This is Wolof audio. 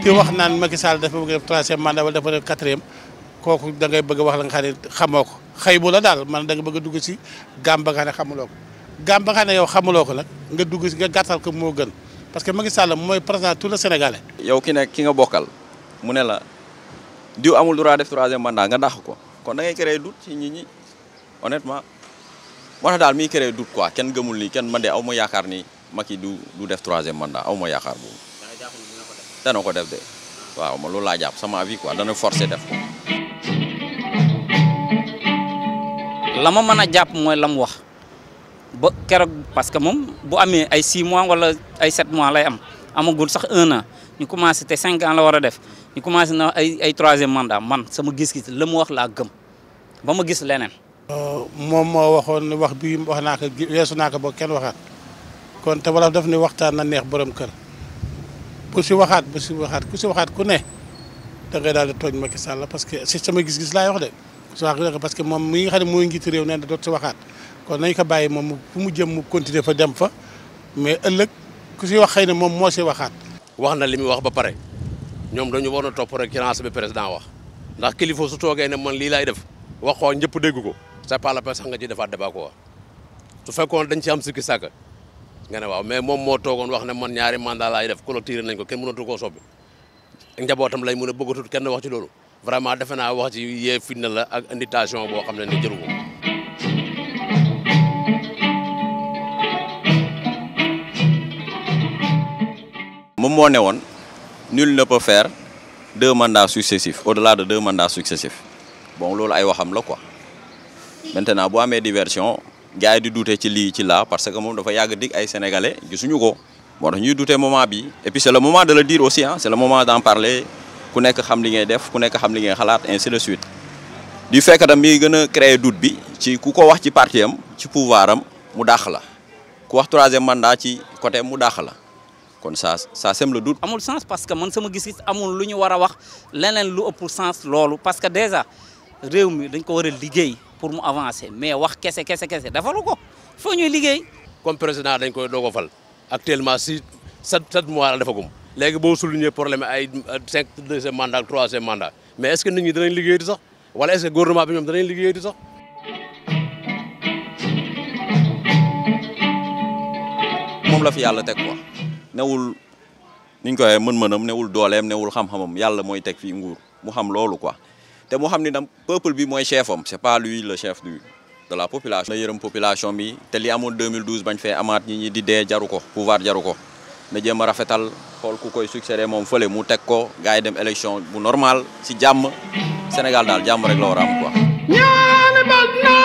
te wax nan Macky Sall dafa bëgg def troisième mandat wala dafa def quatrième kooku da ngay bëgg wax la nga xam xamoko xeybu la dal man da nga bëgg dugg ci gamba nga xam ne nga yow xamuloko nak nga dugg ci nga ko mo gën parce que Macky Sall moy président tout le Sénégalais. yow ki ki nga bokal mu ne la diw amul droit def troisième mandat nga dakh ko kon da ngay créer doute ci nit ñi honnêtement wala dal mi créer doute quoi ken gëmul nii ken man dé awma yaakar ni Macky du du def troisième mandat awma yaakar bu dana ko def de waaw ma loolu laa jàpp sama avis quoi dana forcé def ko. la ma mën jàpp mooy la mu wax ba keroog parce que moom bu amee ay 6 mois walla ay 7 mois lay am amagul sax un na ñu commencé te 5 ans la war a def ñu commencé na ay ay troisième mandat man sama gis-gis la mu wax laa gëm ba ma gis leneen. Euh, moom moo waxoon wax bi wax naa ko weesu naa ko ba kenn waxaat kon te wolof daf ne waxtaan na neex borom kër. bu si waxaat bu si waxaat ku si waxaat ku ne da ngay daal di tooñ Macky Sall parce que si sama gis-gis laay wax de si wax parce que moom mi nga xam ne mooy njiitu réew nee na doot si waxaat kon nañ ko bàyyi moom mu jëm mu continuer fa dem fa mais ëllëg ku si wax xëy na moom moo si waxaat. wax na li muy wax ba pare ñoom dañu waroon a topp rek finance bi président wax ndax kilifa su toogee ne man lii laay def wax ko ñëpp dégg ko c'est pas la peine sax nga ciy defaat débat quoi su fekkoon dañ ci am sikki sàkk nga ne waaw mais moom moo toogoon wax ne man ñaari mandat laay def clôturé nañ ko kenn mënatu koo soppi njabootam lay mën a bëggatul kenn wax ci loolu vraiment defe naa wax ci yee fitna la ak invitation boo xam ne ni jëru ko moom moo ne woon nul ne peut faire deux mandats successifs au-delà de deux mandats bon loolu ay waxam la quoi maintenant boo amee diversion gars di duute ci li ci la parce que mom dafa yag dig ay sénégalais gisuñu ko motax ñuy duute moment bi et puis c'est le moment de le dire aussi hein c'est le moment d'en parler ku nekk xam li ngay def ku nekk xam li ngay xalat ainsi de suite du fait tam mi gëna créer doute bi ci ku ko wax ci parti am ci pouvoir am mu dakh la ku wax 3e mandat ci côté mu dakh la kon ça ça sème le doute amul sens parce que man sama gis-gis amul luñu wara wax leneen lu ëpp sens lolu parce que déjà réew mi dañ ko wara liggéey pour mu avancer mais wax kese kese kese dafalu ko foo ñuy liggéey. comme président dañ koy dogo fal actuellement si 7 sept mois la defagum. léegi boo souligner problème ay 5 deuxième mandat troisième mandat mais est ce que nit ñi danañ liggéeyati sax wala est ce que gouvernement bi ñoom danañ liggéeyati sax. mom la fi yalla tek ko newul niñ ñu ko waxee mën-mënam newul dooleem newul xam-xamam yalla moy tek fi nguur mu xam lolu quoi. Té mu xam ni dam peuple bi mooy chef c'est pas lui le chef du de la population. na yërëm population bi te li amoon 2012 bañ fee amaat ñi ñi di dee jaru pouvoir jaru ko na jéem a rafetal xool ku koy succédé moom fële mu teg ko gars dem élection bu normal si jàmm Sénégal daal jàmm rek la war am quoi.